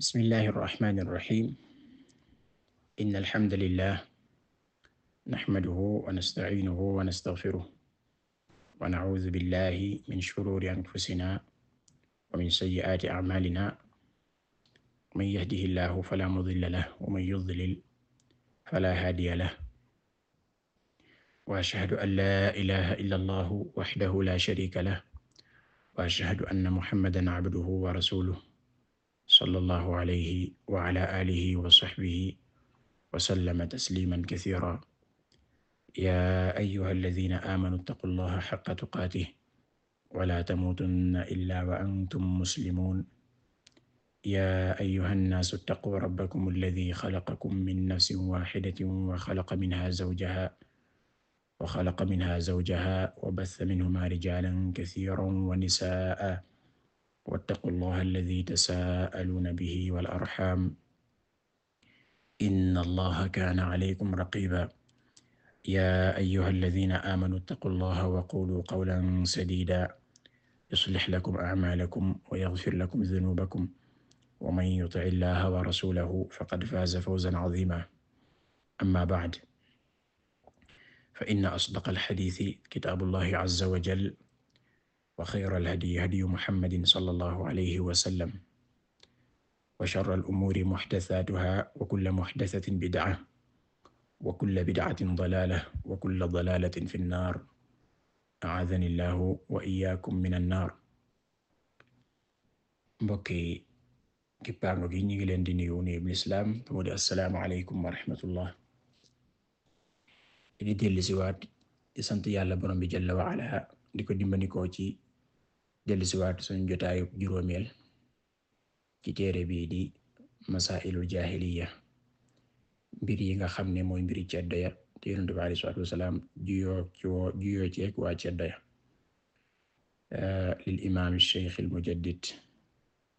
bismillahi irrahmani irrahim in alhamdulilah naxmaduhu wa nastaciinuhu wa nastaxfiruh wa nacuudu billahi min shuruuri anfusina wa min sayyi'aati acmaalina man yahdihi llaahu falaa mudilla lahu wa man yudlil falaa haadiya lahu wa ashhadu an laa ilaaha illa llaahu waxdahu laa shariika lahu wa ashhadu anna muhammadan cabduhu wa rasuluhu sallallahu alayhi wa ala alihi wa sahbihi wa sallama tasliman kasiira yaa ayyuha alladina aamanu ittaqu llaha xaqa tuqaatihi wa laa tamuutunna illaa wa antum muslimuun yaa ayyuha nnaasu ittaquu rabbakum alladii xalaqakum min nafsin waaxidatin wa xalaqa minhaa zawjahaa wa xalaqa minhaa zawjahaa wa bassa minhumaa rijaalan kasiiran wa nisaa'an wattaqu llaha alladi tasaaluuna bihi wal arxam inna allaha kaana alaykum raqiba yaa ayyuha alladina aamanuu ttaqu llaha wa quuluu qawlan sadiida yuslix lakum acmaalakum wa yaxfir lakum dunuubakum wa man yuti llaha wa rasulahu faqad faaza fawzan caziima amma bacd fa inna asdaqa alxadiisi kitaabu llahi azza wa jal وخير الهدي هدي محمد صلى الله عليه وسلم وشر الأمور محدثاتها وكل محدثة بدعة وكل بدعة ضلالة وكل ضلالة في النار أعاذني الله وإياكم من النار mbokki kippaango gi ñu ngi leen di nuyu nuyub lislaam mu di assalaamu aleykum wa rahmatullah di dellusiwaat di sant yàlla borom bi jalla wa ala di ko dimbandikoo ci dellusiwaat suñ jotaayu juróomeel ci téere bii di masailul jahiliya mbir yi nga xam ne mooy mbiri ceddo ya te yonent bi alayhi salaatu wasalaam juyoo ci woo juyoo ceeg waa eh, lil imaam cheikh al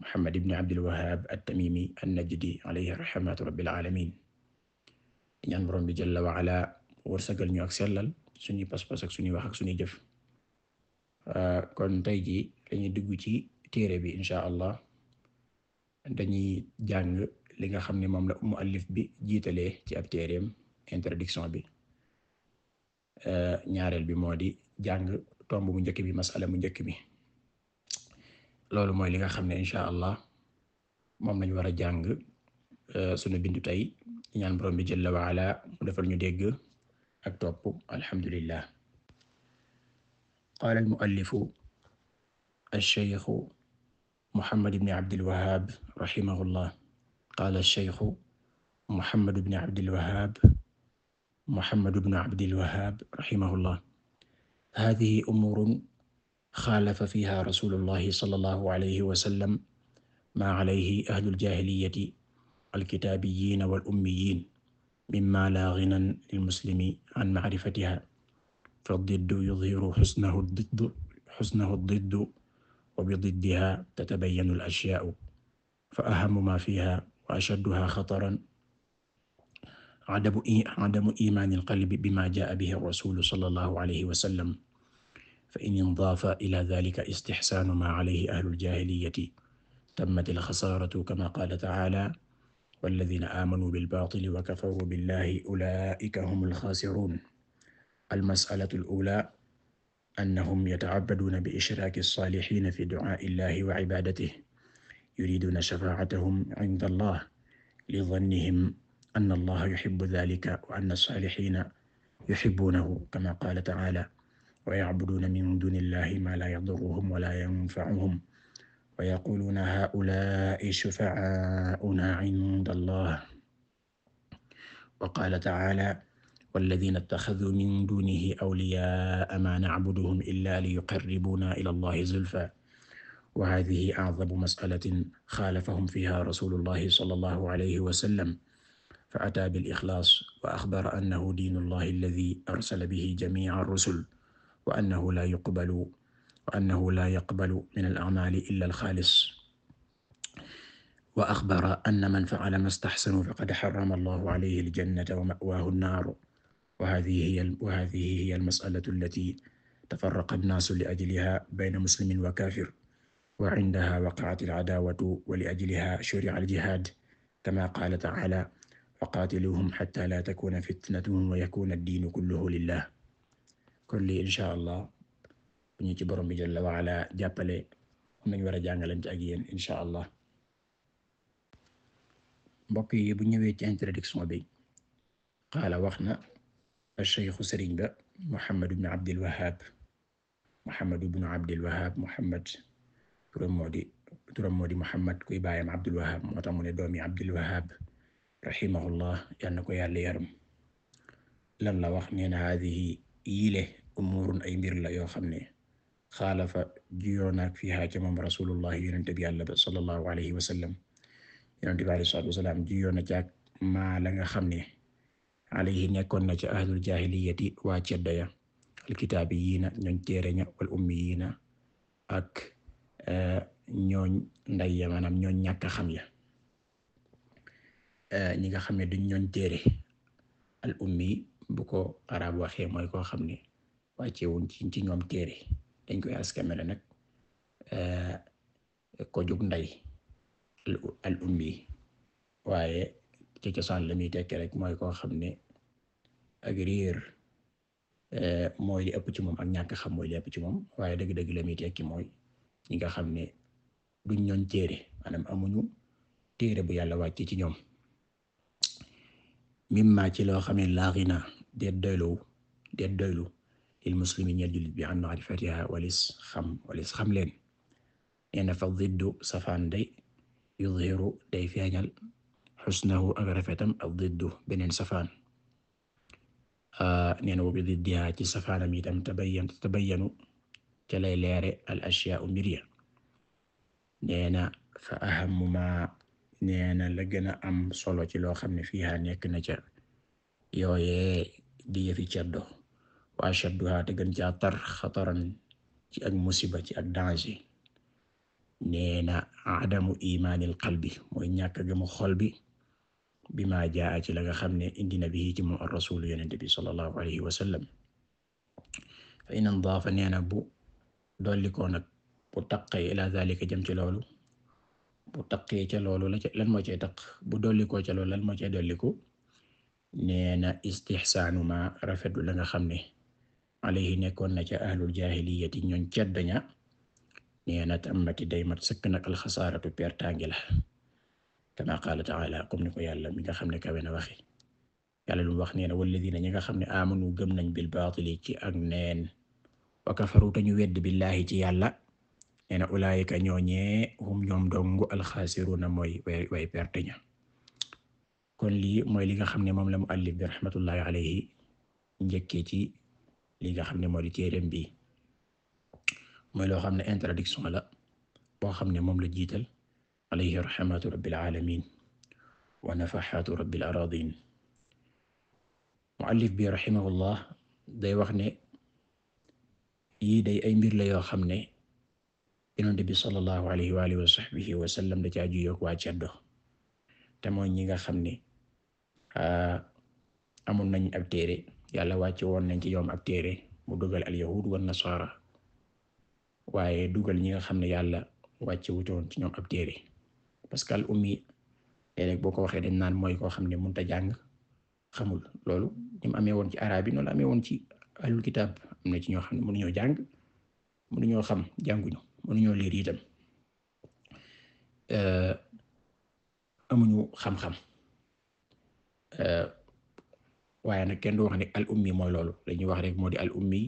Muhammad ibn Abdul Wahhab at alayhi rahmatu alamin ñaan borom bi jalla wa ala wërsëgal ñu ak sellal suñuy pas-pas ak suñuy wax suñuy jëf Euh, kon tey ji dañuy dugg ci téere bi incha allah dañuy jàng li nga xam ne moom la muallif bi jiitalee ci ab téereem introduction bi euh, ñaareel bi moo di jàng tomb bu njëkk bi masala mu njëkk bi loolu mooy li nga xam ne incha allah moom lañu war a jàng euh, sunu bindu tey ñaan borom bi jalla wa mu defal ñu dégg ak topp alhamdulillah qaala almuallifu alsheykhu Muhammad ibn Abdil Wahhab rahimahullah qaala alsheykhu Muhammad ibn Abdil Wahhab Muhammad ibn Abdil Wahhab rahimahullah haadihi umuurun xaalafa fiihaa rasuulullahi sallallahu alayhi wa sallam maa alayhi ahlul jaahiliyyati alkitaabiyyiina wal ummiyyiina mimmaa laa ghinaa lil muslimi an ma'rifatihaa fa diddu yudhiru xusnahu diddu xusnahu diddu wa bididdiha tatabayanu al-ashyaa'u fa ahamu ma fiha wa ashadduha xataran adamu adamu imaani al-qalbi bima jaa'a bihi ar-rasuulu sallallahu alayhi wa sallam fa in idaafa ila dhalika istixsaanu ma alayhi ahlu al-jaahiliyyati tammat al-xasaaratu kama qaala ta'aala walladiina aamanuu bil-baatili wa kafaruu billahi ulaa'ika humul xaasiruun almasalatu al ula annahum yatacabbaduuna bi ishraaki alsaalixina fi ducaai illahi wa cibadatih yuriduuna shafaacatahum cind allah li dannihim anna allaha yuxibu dalika wa anna alsaalixina yuxibuunahu kama qaala tacaala wa yacbuduuna min duni illahi maa laa yaduruhum wala yanfacuhum wa yaquluuna haa'ulaa'i shufacaauna cind allah wa qaala tacaala والذين اتخذوا من دونه أولياء ما نعبدهم إلا ليقربونا إلى الله زلفى وهذه أعظم مسألة خالفهم فيها رسول الله صلى الله عليه وسلم فأتى بالإخلاص وأخبر أنه دين الله الذي أرسل به جميع الرسل وأنه لا يقبل وأنه لا يقبل من الأعمال إلا الخالص وأخبر أن من فعل ما استحسنوا فقد حرم الله عليه الجنة ومأواه النار wa haadihi hiya wa haadihi hiya al-mas'alatu allatii tafarraqa an-naasu li ajlihaa bayna muslimin wa kaafir wa indahaa waqa'at al-'adaawatu wa li ajlihaa shuri'a al-jihaad kamaa qaala ta'aalaa wa qaatiluuhum hattaa laa takuuna fitnatun wa yakuuna ad-diinu kulluhu lillaah kon lii inshaa Allah ñu ci borom bi jalla wa ala jàppale am nañ war a jàngalante ak yéen inshaa Allah mbokk yi bu ñëwee ci introduction bi qaala wax na cheikhu sëriñ ba Muhammad ibn Abdil Wahhab Muhammad ibn Abdil Wahhab Muhammad turam moo di turam moo di Muhammad kuy baayam Abdul Wahhab moo tax mu ne doomi Abdul Wahhab rahimahullah yal na ko yàlla yaram lan la wax nee na haadihi yile umuurun ay mbir la yoo xam ne xaalafa juyoo naag fiha ca moom rasulullah yonent bi yàlla ba sallallahu alayhi wa sallam yonent bi alayhi salaatu wa salaam juyoo na caag maa la nga xam ne alayhi nekkoon na ci ahlul jaahiliyati waa ceddo ya alkitaabiyiina ñooñ téereña wal ummiyiina ak eh, ñooñ nday ya maanaam ñooñ ñàkk xam ya eh, ñi nga xam ne duñ ñooñ téere al ummi bu ko arab waxee mooy koo xam ne wàccewuñ ci ci ñoom téere dañ koy askamele nag eh, ko nday al ummi waaye ci cosaan la muy rek mooy koo xam ne ak riir eh, mooy li ëpp ci moom ak ñàkk xam mooy li ëpp ci moom waaye dëgg-dëgg la muy mooy ñi nga xam ne duñ ñooñ téere maanaam amuñu téere bu yàlla wàcce ci ñoom ma ci loo xam ne laaxina déet doylu déet doylu lil muslimi ñeel jullit bi an maarifatiha walis xam walis xam leen nee na fa diddu safaan day yudhiru day feeñal xusnahu ak rafetam ak diddu beneen safaan nee na wobi diddiha ci safaanam itam tabayyan tabayyanu ca lay leere al ashyaa'u mbir ya nee na fa ahammu ma nee na la gën a am solo ci loo xam ne fiiha nekk na ca yooyee di yëfi caddo wa ashadduha te gën caa tar xataran ci ak musiba ci ak danger nee na adamu imaanil qalbi mooy ñàkk gëmu xol bi bi ma jaa ci la nga xam ne indi na bi ci moom ar-rasul yonent bi sallallahu alayhi wa sallam fa in ndaafa nee na bu dollikoo nag bu taqee ila zalika jëm ci loolu bu taqee ca loolu la lan moo cee taq bu dollikoo ca loolu lan moo cee dolliku nee na istihsaanu ma rafetlu la nga xam ne alayhi nekkoon na ca ahlul jahiliyati ñooñ ceddaña nee na tammati day mat sëkk nag alxasaaratu pertaangi la kama qaala ta'ala comme ni ko yàlla mi nga xam ne kawe na waxe yàlla lu mu wax nee na walladina ñi nga xam ne amanu gëm nañ bil baatili ci ak neen wa kafaru tañu wedd billahi ci yàlla nee na ulaayika ñooñee hum ñoom dong alxaasiruna mooy way way kon lii mooy li nga xam ne moom la mu allif bi rahmatullahi alayhi njëkkee ci li nga xam ne moo di téereem bi mooy loo xam ne introduction la boo xam ne moom la jiital alayhi raxmatu rabbil aalamiin wa nafaxaatu rabbil araadiin muallif bi raximahullah day wax ne yii day ay mbir la yoo xam ne yonent bi sallallahu alayhi wa alihi wa sahbihi wa sallam da caa juyoog waa ceddo te mooy ñi nga xam ne amoon nañ ab téere yàlla wàcce woon nañ ci yoom ab téere mu dugal al wa nasaara waaye dugal ñi nga xam ne yàlla wàcce wutoon ci ñoom ab téere parce que al ummi léeg-léeg boo ko waxee dañ naan mooy koo xam ne mënut a jàng xamul loolu ni mu amee woon ci araab yi noonu amee woon ci alul kitaab am na ci ñoo xam ne mënuñoo jàng mënuñoo xam jànguñu mënuñoo liir itam euh, amuñu xam-xam euh, waaye nag kenn du wax ne al ummi mooy loolu dañuy wax rek moo di al ummi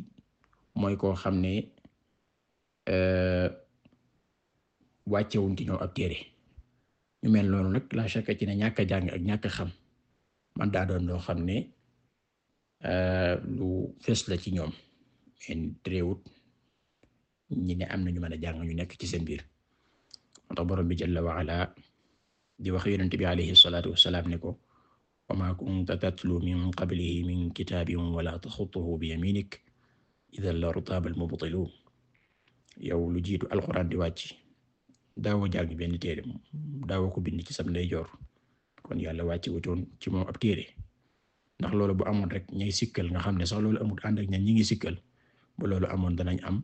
mooy koo xam ne euh, wàccewuñ ci ñoom ab téere ñu mel loolu nag la chaque ci ne ñàkk a jàng ak ñàkk xam man daa doon loo xam ne euh, lu fees ci ñoom en réewut ñi ne am na ñu mën a jàng ñu nekk ci seen biir moo bi jalla wa ala di wax yonent bi alayhi wassalaam ne ko wa ma kunta tatlu min qablihi min kitaabin wala taxutuhu bi yaminik idan la rutaaba almubtilun yow lu jiitu alquran di wàcc daawoo jàng benn téere moom ko bind ci sam ndeyjoor kon yàlla wàcce wutoon ci moom ab téere ndax loolo bu amoon rek ñay sikkal nga xam ne sax loolu amut ànd ak ña ngi sikkal ba loolu amoon danañ am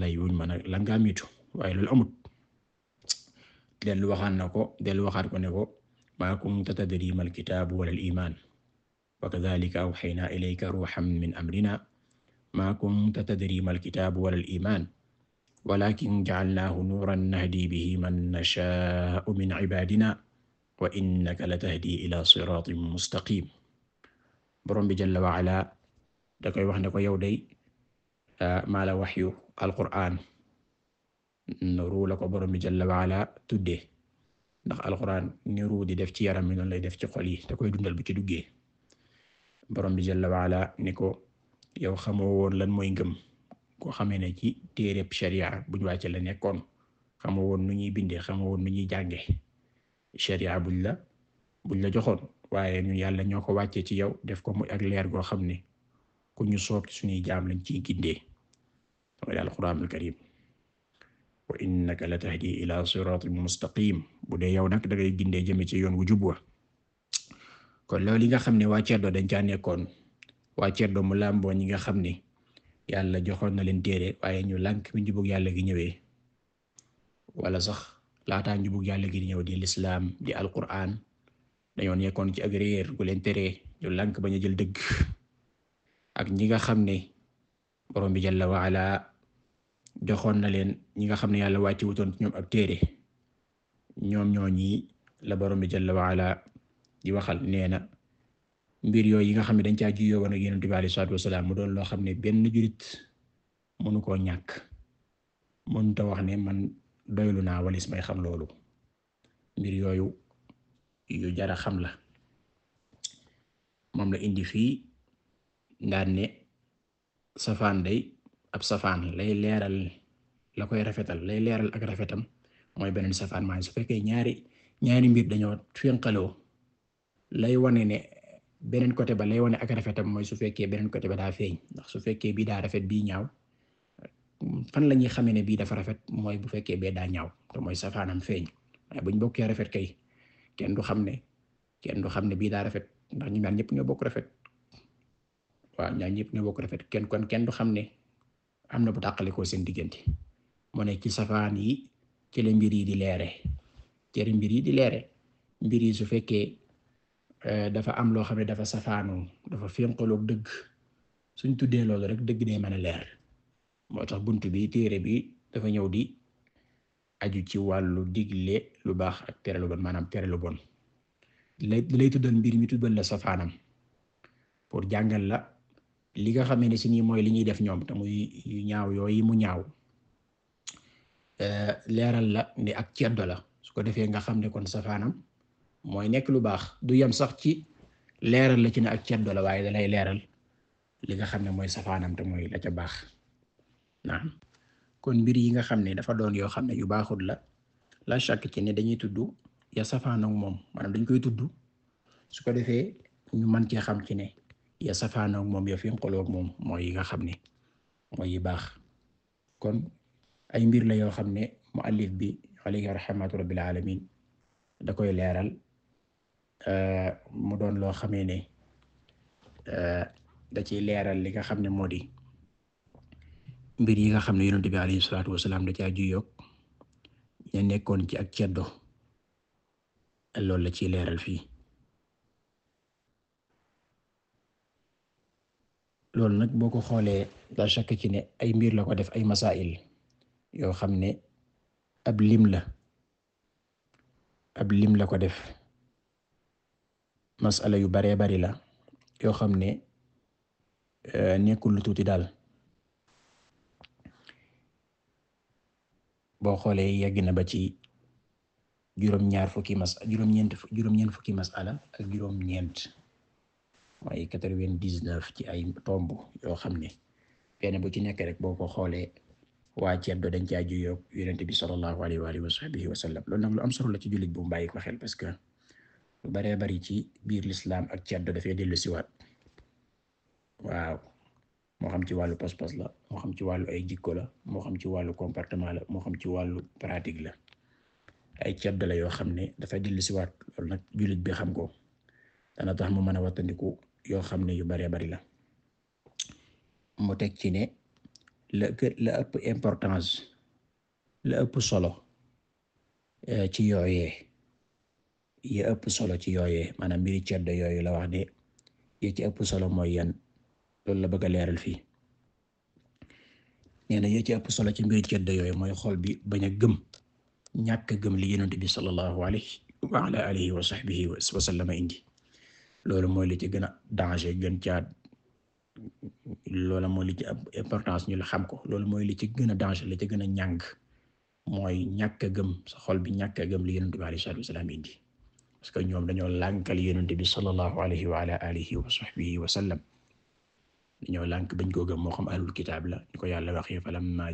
lay wuñ mën a la ngaa waaye loolu amut dellu waxaan na ko dellu waxaat ko ne ko maa kunta tadri mal kitaabu wala al iman wa kadhalika awhaynaa ilayka ruuhan min amrina maa kunta tadri mal kitaabu wala al iman walakin ja'alnaahu nuuran nahdii bihi man nashaa'u min cibaadinaa wa innaka latahdii ilaa siraatin mustaqiim borom bi jalla wa ala da koy wax ne ko yow day maa la waxyu Alqur'aan nuru la ko borom bi jalla wa ala tuddee ndax Alqur'aan ni ruu di def ci yaram mi noonu lay def ci xol yi da koy dundal bu ci duggee borom bi jalla wa ala ni ko yow xamoo woon lan mooy ngëm. koo xamee ne ci téereb sharia buñ wàcce la nekkoon xama woon nu ñuy bindee xama woon nu ñuy jàngee sharia buñ la buñ la joxoon waaye ñun yàlla ñoo ko wàccee ci yow def ko muy ak leer goo xam ne ku ñu soob ci suñuy jaam lañ ciy gindee mooy daal alquraanul karim wa innaka la tahdi ila siratin mustaqim bu dee yow nag dangay gindee jëme ci yoon wu jub wa kon loolu yi nga xam ne waa ceddo dañ caa nekkoon waa ceddo mu làmboo ñi nga xam ne yàlla joxoon na leen téere waaye ñu lànk bi njubug yàlla gi ñëwee wala sax laataa njubug yàlla gi di ñëw di lislaam di alquran dañoo nekkoon ci ak gu leen téere ñu lànk ba a jël dëgg ak ñi nga xam ne borom bi jalla waala joxoon na leen ñi nga xam ne yàlla wàcce wutoon ñoom ab téere ñoom ñooñi la borom bi jalla waala di waxal nee mbir yooyu yi nga xam ne dañ caa juyoo woon ak Yonent bi sallallahu alayhi wasallam loo xam ne benn jurit koo ñàkk mënut a wax ne man doylu naa walis may xam loolu mbir yooyu yu jara xam la moom la indi fii daan ne safaan day ab safaan lay leeral la koy rafetal lay leeral ak rafetam mooy beneen safaan maa su fekkee ñaari ñaari mbir dañoo fénqaloo lay wane ne beneen côté ba lay wone ak rafetam mooy su fekkee beneen côté ba daa feeñ ndax su fekkee bii daa rafet ñaaw fan la ñuy xamee ne bii dafa rafet mooy bu fekkee be daa ñaaw te mooy safaanam feeñ waaye buñ bokkee rafet kay kenn du xam ne kenn du xam ne bii daa rafet ndax ñu ñëpp ñoo bokk rafet waaw ñaar ñëpp ñoo bokk rafet kenn kon kenn du xam ne am na bu tàqalikoo seen diggante moo ne ci safaan yi ci la mbir yi di leere ci la mbir yi di leere mbir yi su fekkee. Eh, dafa am loo xam ne dafa safaanoo dafa fénqaloog dëgg suñ tuddee loolu rek dëgg day mën a leer moo tax bunt bi téere bi dafa ñëw di aju ci wàllu digle lu baax ak tere lu bon maanaam tere lu bon lay lay tuddal mbir mi tuddal la safaanam pour jàngal la li nga xam ne si nii mooy li ñuy def ñoom te muy yu ñaaw yooyu mu ñaaw eh, leeral la ne ak ceddo la su ko defee nga xam ne kon safaanam mooy nekk lu baax du yem sax ci leeral la ci ne ak ceddo la waaye dalay leeral li nga xam ne mooy safaanam te mooy la baax naam kon mbir yi nga xam ne dafa doon yoo xam ne yu baaxul la la chaque ne dañuy tudd ya safaan moom maanaam dañ koy tudd su ko defee ñu mën cee xam ci ne ya moom ya moom mooy yi nga xam ne mooy yi baax kon ay mbir la yoo xam ne muallif bi alayhi rahmatu rabbil alamin da koy leeral Euh, mu doon loo xamee ne euh, da ciy leeral li nga xam ne moo di mbir yi nga xam ne yonent bi alayhi salaatu wasalaam da caa juyoog ña nekkoon ci ak ceddo loolu la ciy leeral fii loolu nag boo ko xoolee la shakk ci ne ay mbir la ko def ay masail yoo xam ne ab lim la ab lim la ko def masala yu baree bari la yoo xam ne euh, nekkul lu tuuti daal boo xoolee yegg na ba ci juróom-ñaar fukki mas juróom-ñeent juróom-ñeent fukki masala ak juróom-ñeent mooy quatre vingt dix ci ay tomb yoo xam ne benn bu ci nekk rek boo ko xoolee waa ceeb do dañ caa juyoo yonent bi sallallahu alayhi wa alihi wa sahbihi wa sallam loolu nag lu am solo ci jullit bu mu xel baree bari ci biir lislaam ak ceddo dafay dellu siwaat waaw moo xam ci wàllu pospos la moo xam ci wàllu ay jikko la moo xam ci wàllu comportement la moo xam ci wàllu pratique la ay ceddo la yoo xam ne dafay dellu siwaat loolu nag jullit bi xam ko dana tax mu mën a wattandiku yoo xam ne yu baree bari la mu teg ci ne la la ëpp importance la ëpp solo eh, ci yooyee yi ëpp solo ci yooyee maanaam mbiri ceddo yooyu la wax ne yi ci ëpp solo mooy yen loolu la bëgg a leeral fii nee na yi solo ci mbiri ceddo yooyu mooy xol bi bañ a gëm ñàkk gëm li yonent bi sallallahu alayhi wa ala alihi wa sahbihi wa sallama indi loolu mooy li ci gën a danger gën caa loolu mooy li ci importance ñu la xam ko loolu mooy li ci gën a danger li ci gën a ñàng mooy ñàkk gëm sa xol bi ñàkk a gëm li yonent bi alayhi salaatu wa salaam indi parce que ñoom dañoo lànkal yonent bi alayhi wa ala alihi wa sahbihi wa sallam dañoo lànk bañ koo gëm xam ahlul kitaab la ñu ko yàlla waxee falamma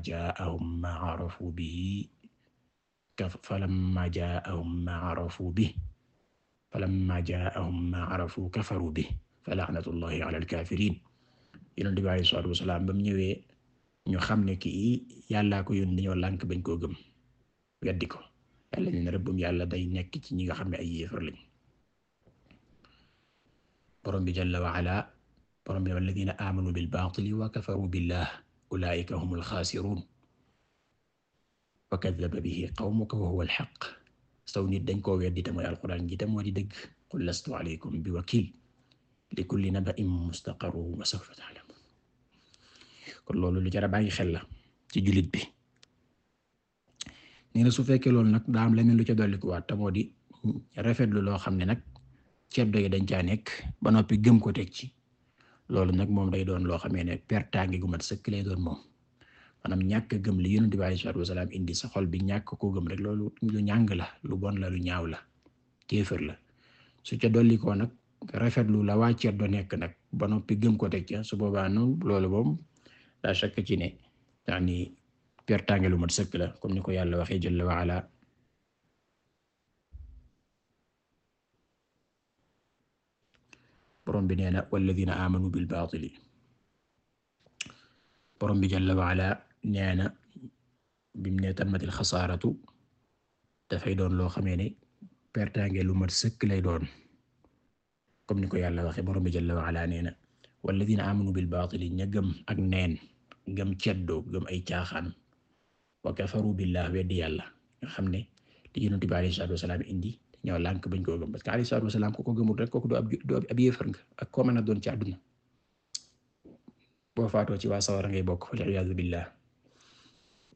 jaa'ahum xam ne kii yàllaa ko yónni dañoo lànk bañ koo gëm ko yàlla ne rëbbum yàlla day nekk ci ñi nga xam ne ay yéefar lañ borom bi jalla wa ala borom bi alladina amanu bil baatili wa kafaru billah ulaika humul xaasirun wa kadaba bihi qawmuka wa huwa alxaq saw nit dañ koo weddi te mooy alquran ji te moo di dëgg qul lastu alaykum bi wakil li kulli naba'in mustaqarru wa sawfa ta'lamun kon loolu lu jar a bàyyi xel la ci jullit bi ni na su fekkee loolu nag daa am leneen lu ca dollikuwaat waa tamoo di rafetlu loo xam ne nag ceeb yi dañ caa nekk ba noppi gëm ko teg ci loolu nag moom day doon loo xamee ne pertaange gu mat sëkk lay doon moom maanaam ñàkk gëm li yonent bi sallallahu alayhi wasallam indi sa xol bi ñàkk koo gëm rek loolu lu ñàng la lu bon la lu ñaaw la la su ca dollikoo nag la waa ceddo nekk nag ba noppi gëm ko teg ca su boobaa noonu loolu moom daa sakk ci ne yaani pertaange lu mat sëkk la comme ni ko yàlla waxee jalla wa ala borom bi nee na walladina amanu bil baatili borom bi jalla wa ala nee na bim ne tamatil xasaaratu dafay doon loo xamee ne pertaange lu mat sëkk lay doon comme ni ko yàlla waxee borom bi jalla wa ala nee na walladina amanu bil baatili ña gëm ak neen gëm ceddoo gëm ay caaxaan wa kafaru billah weddi yàlla nga xam ne li yonent bi alayhi salaatu wasalaam indi ñoo lànk bañ koo gëm parce que alayhi salaatu wasalaam ku ko gëmul rek kooku du ab du ab yéefar nga ak koo mën a doon ci àdduna boo faatoo ci waa sawara ngay bokk wal iyaadu billah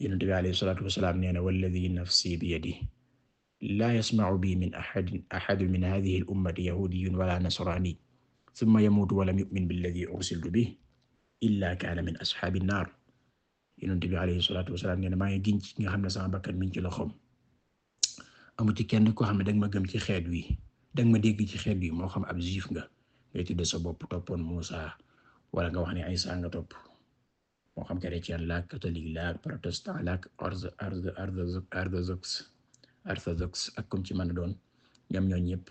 yonent bi alayhi salaatu wasalaam nee na walladi nafsi bi yadi laa yasma'u bi min ahadin ahadun min haadihi al ummati yahudiyyun wala nasraani summa yamuutu wa lam yu'min billadi ursiltu bihi illaa kaana min ashaabi nnaar yonent bi alayhi salaatu wasalaam maa ngi giñ ci nga xam ne sama bakkan mi ci loxoom amu ci kenn koo xam ne danga ma gëm ci xeet wi danga ma dégg ci xeet wi moo xam ab juif nga ngay tudde sa bopp toppoon Muusa wala nga wax ne ay nga topp moo xam chrétien la catholique la protestant la orthodoxe orthodoxe ak comme ci mën a doon ñam ñoo ñëpp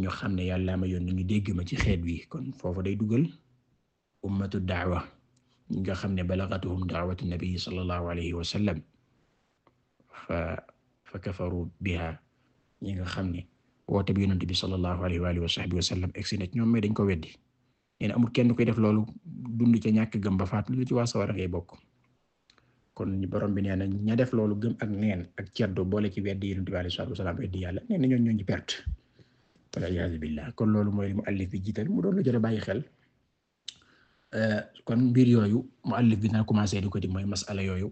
ñu xam ne yàlla ma yoon yónni ñu dégg ma ci xeet wi kon foofu day dugal ummatu daawa ñi nga xam ne balagatuhum da'watu nabi sallallahu alayhi wa sallam fa fa kafaru biha ñi nga xam ne woote bi yonent bi sallallahu alayhi wa alihi wa sahbihi wa sallam egsi na ñoom mais dañ ko weddi nee na kenn koy def loolu dund ca ñàkk gëm ba faat lu ci waa sawara ngay bokk kon borom bi nee na ña def loolu gëm ak neen ak ceddo boole ci weddi yonent bi alayhi salaatu weddi yàlla neen na ñoo ñoo ñu perte wala iyaazu billah kon loolu mooy li mu àllif bi jiital mu doon lu jot a bàyyi xel Eh, kon mbir yooyu muallif bi dina commencé di ko di masala yooyu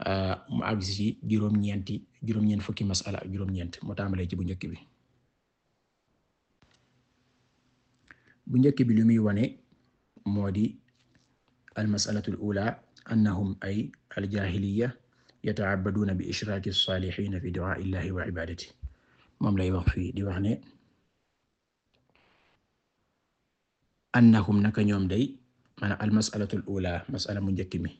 eh, mu àgg ci juróom-ñeenti juróom fukki masala ak juróom-ñeent mu tàmbalee ci bu njëkk bi bu njëkk bi li muy wane moo di al masalatu al ula annahum ay al jahiliya yata'abbaduna bi ishraaki as-saalihiina fi du'aa'illahi wa ibaadatihi moom lay wax fii di annahum naka ñoom day maanaam al masalatul ula mu njëkk mi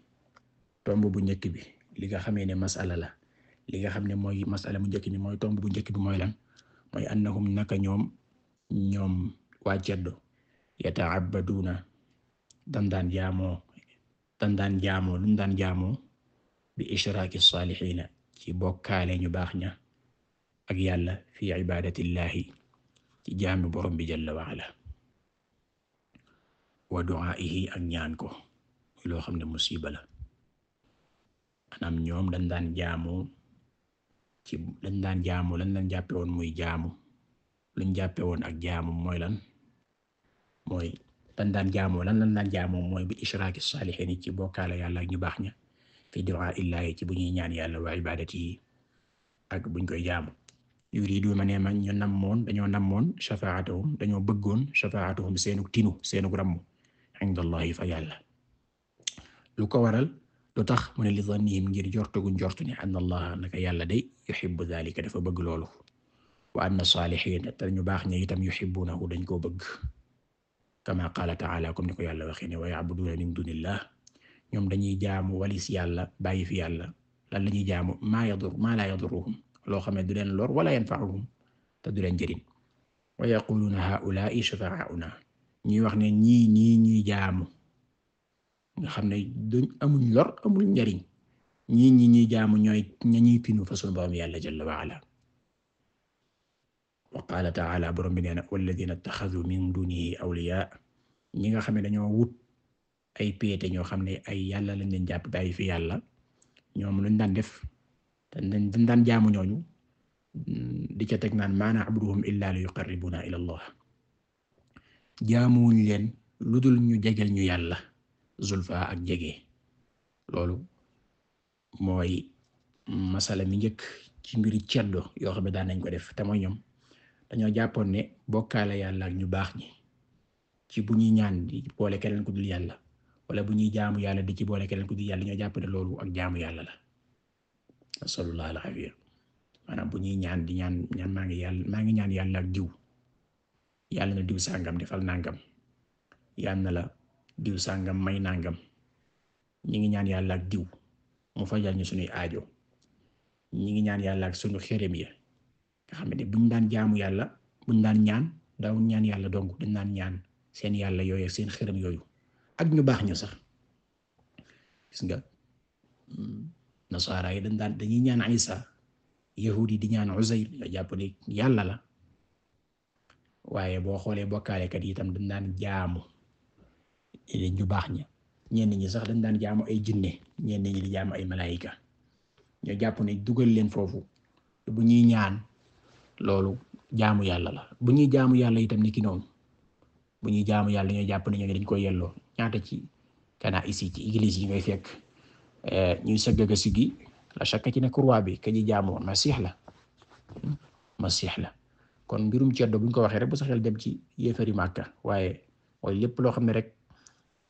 tomb bu njëkk bi li nga xamee ne masala la li nga xam ne mooy masala mu njëkk mi mooy tomb bu njëkk bi mooy lan mooy annahum naka ñoom ñoom waa jaddo yata'abbaduna dan daan jaamoo dan daan jaamoo lu daan jaamoo bi ishraaki saalihiina ci bokkaale ñu baax ña ak yàlla fi ibadatillahi ci jaami borom bi jalla wa ala wa du'aa'ihi ak ñaan ko loo xam ne musiba la maanaam ñoom dañ daan jaamu ci dañ daan jaamu lañ lañ jàppe woon muy jaamu luñ jàppe woon ak jaamu mooy lan mooy dañ daan jaamu lan lañ daan jaamu mooy bi ishraaki saalihiin ci bokkaale yàlla ak ñu baax ña fi du'aa ci bu ñuy ñaan yàlla wa ibaadati ak buñ koy jaamu yuriduuna ne ma ñu namoon dañoo namoon shafaa'atuhum dañoo bëggoon shafaa'atuhum seenu tinu seenu ramm inda allahi fa yàlla lu ko waral lu tax mu ne li zannihim ngir jortugu njortu ne anna allaha naka yàlla day yuhibbu dhalika dafa bëgg loolu wa anna saalihiina te ñu baax ñi itam yuhibbunahu dañ koo bëgg kama qaala ta'ala comme ni ko yàlla waxee ne wa ya'buduuna min dunillah ñoom dañuy jaamu walis yàlla bàyyi fi yàlla lan la ñuy jaamu maa yadur maa laa yaduruhum loo xam ne du leen lor wala yanfa'uhum te du leen jëriñ wa yaquluuna haa'ulaa'i shafaa'una ñuy wax ne ñii ñii ñuy jaamu nga xam ne amuñ lor amul njariñ ñii ñi ñuy jaamu ñooy ña ñuy pinu fa sunu borom yàlla jalla wa ala wa qaala taala borom bi nee na walladina ittaxadu min dunihi awliya ñi nga xam ne dañoo wut ay péete ñoo xam ne ay yàlla lañ leen jàpp yàlla ñoom luñ daan def dañ daan jaamu ñooñu di ca teg naan ma na'buduhum illa li yuqarribuna ila allah jaamuwuñ leen lu dul ñu jegel ñu yàlla zulfa ak jege loolu mooy masala mi njëkk ci mbiri ceddo yoo xam ne daan nañ ko def te mooy ñoom dañoo jàppoon ne bokkaale yàlla ak ñu baax ñi ci bu ñuy ñaan di boole ku dul yàlla wala bu ñuy jaamu yàlla di ci boole keneen ku dul yàlla ñoo jàpp ne loolu ak jaamu yàlla la sallallahu alaihi wa sallam maanaam bu ñuy ñaan di ñaan maa ngi yàlla maa ngi ñaan yàlla ak jiw yàlla na diw sàngam defal nàngam yàlla na la diw sàngam may nàngam ñi ngi ñaan yàlla ak diw mu fajal ñu suñuy aajo ñi ngi ñaan yàlla ak suñu xerem ya nga xam ne buñ daan jaamu yàlla buñ daan ñaan daaw ñaan yàlla dong dañ daan ñaan seen yàlla yooyu seen xerem yooyu ak ñu baax ñu sax gis nga mm, nasaara yi dañ daan dañuy ñaan Isa yahudi di ñaan Uzayr yàlla la waaye boo xoolee bokkaalekat yi itam dañ daan jaamu ñu baax ña ñenn ñi sax dañ daan jaamu ay jinne ñeen ñi di jaamu ay malaayika ñoo jàpp ne dugal leen foofu bu ñuy ñaan loolu jaamu yàlla la bu ñuy jaamu yàlla itam ni ki noonu bu ñuy jaamu yàlla ñoo jàpp ne ñoo dañ koy yelloo ñaata ci kanaa ici ci église yi ngay fekk eh, ñuy sëgg a sigi la chaque ci ne croix bi ka ji jaamu masiix la hmm? masiix la kon mbirum ceddo buñ ko waxee rek bu sa dem ci yéefari Màkka waaye mooy lépp loo xam ne rek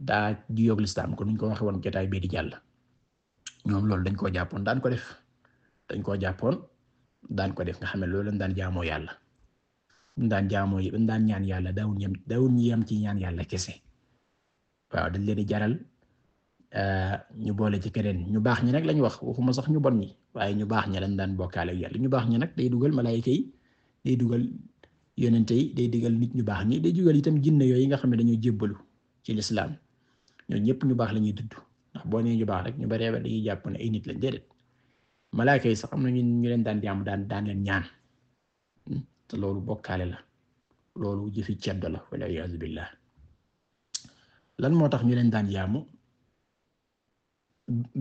daa jiyoog lislaam kon buñ ko waxee woon jotaay bii di jàll ñoom loolu dañ koo jàppoon daan ko def dañ koo jàppoon daan ko def nga xam ne loolu lañ daan jaamoo yàlla dañ daan jaamoo yi dañ daan ñaan yàlla daawuñ yem daawuñ yem ci ñaan yàlla kese waaw dañ leen di jaral eh, ñu boole ci keneen ñu baax ñi nag lañ wax waxuma sax ñu bon ñi waaye ñu baax ñi lañ daan bokkaale yàlla ñu baax ñi dugal malaayika yi day dugal yonente yi day digal nit ñu baax ñi day dugal itam jinne yooyu nga xam ne dañoo jébbalu ci lislaam ñoo ñëpp ñu baax la ñuy tudd ndax boo nee ñu baax rek ñu baree dañuy jàpp ne lañ déedéet malaaka sax am na ñu leen daan jaamu daan daan leen ñaan hmm? te loolu bokkaale la loolu jëfi ceddo la wala iyaazu billah lan moo tax ñu leen daan jaamu